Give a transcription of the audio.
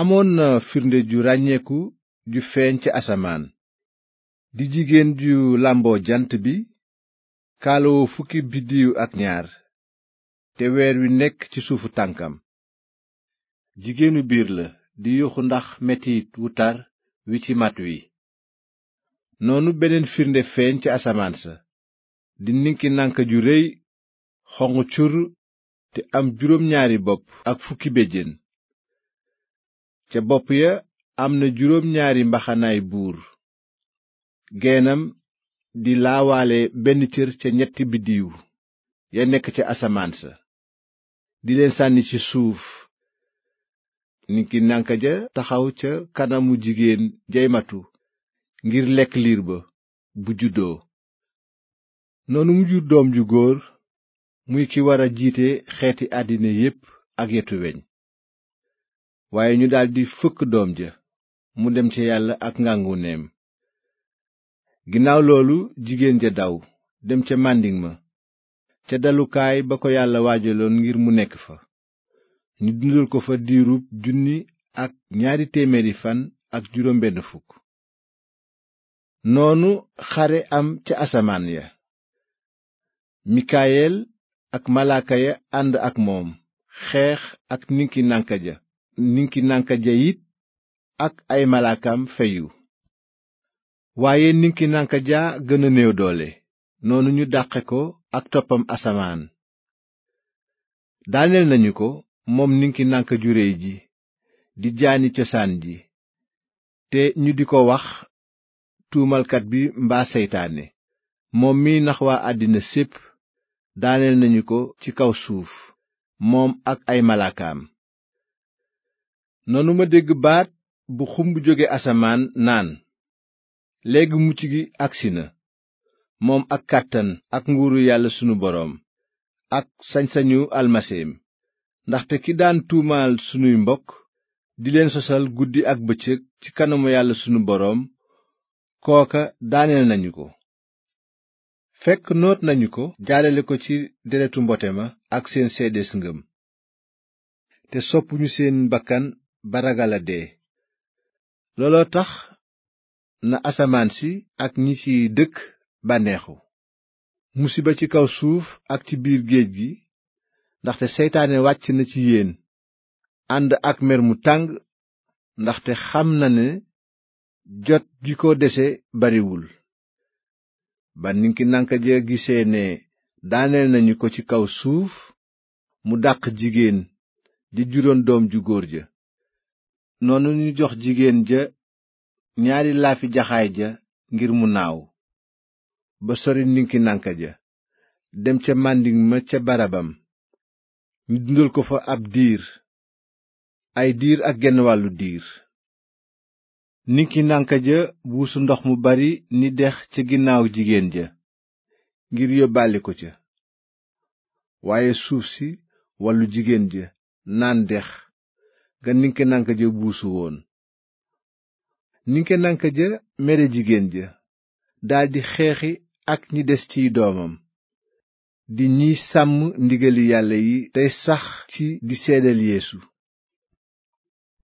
amoon na firnde ju ràññeeku ju feeñ ca asamaan di jigéen ju làmboo jant bi kaalawoo fukki biddiw ak ñaar te weer wi nekk ci suufu tànkam jigéenu biir la di yuuxu ndax metit wu tar wi ci mat wi noonu beneen firnde feeñ ca asamaan sa di ninki nanka ju réy xonq cur te am juróom ñaari bopp ak fukki béjjén ca bopp ya am na juróom ñaari mbaxanaay buur geenam di laawaale benn cër ca ñetti biddiw ya nekk ca asamaan sa di leen sànni ci suuf ninki nànka ja taxaw ca kanamu jigéen jay ngir lekk liir ba bu juddoo noonu mu jur doom ju góor muy ki war a jiite xeeti àddina yépp ak yetu weñ waaye ñu daldi fëkk doom ja mu dem ca yàlla ak ngànguneem ginnaaw loolu jigéen ja daw dem ca màndiŋ ma ca dalukaay ba ko yàlla waajaloon ngir mu nekk fa ñu dundal ko fa diirub junni ak ñaari téeméeri fan ak juróom benn fukk noonu xare am ca asamaan ya mikayel ak malaaka ya ànd ak moom xeex ak ninki nànka ja ninkinanka ja it ak ay malaakaam feyu waaye ninkinanka ja gën a néew doole noonu ñu dàqe ko ak toppam asamaan daaneel nañu ko moom ninkinanka ju réy ji di jaani cosaan ji te ñu di ko wax tuumalkat bi mbaa seytaane moom miy nax waa àddina sépp daaneel nañu ko ci kaw suuf moom ak ay malaakaam noonu ma dégg baat bu xumb jóge asamaan naan léegi mucc gi agsi na moom ak kàttan ak nguuru yàlla sunu boroom ak sañ-sañu almaseem ndaxte ki daan tuumaal sunuy mbokk di leen sosal guddi ak bëccëg ci kanamu yàlla sunu boroom kooka daaneel nañu ko fekk noot nañu ko jaalale ko ci deretu mbote ma ak seen seedees ngëm te soppuñu seen bakkan ba ragal looloo tax na asamaan si ak ñi ci dëkk bànneexu musiba ci kaw suuf ak ci biir géej gi ndaxte seytaane wàcc na ci yéen ànd ak mer mu tàng ndaxte xam na ne jot gi ko dese bariwul ba ninki nanka ja gisee ne daaneel nañu ko ci kaw suuf mu dàq jigéen di juróon doom ju góor ja noonu ñu jox jigéen ja ñaari laafi jaxaay ja ngir mu naaw ba sori ninki nanka ja dem ca màndiŋ ma ca barabam ñu dundal ko fa ab diir ay diir ak genn wàllu diir ninki nanka ja buusu ndox mu bari ni dex ca ginnaaw jigéen ja ngir yóbbaale ko ca waaye suuf si wàllu jigéen ja naan dex ga ninke nanka ja buusu woon ninke nanka ja mere jigéen ja daldi xeexi ak ñi des ciy doomam di ñiy sàmm ndigali yàlla yi tey sax ci di seedal yeesu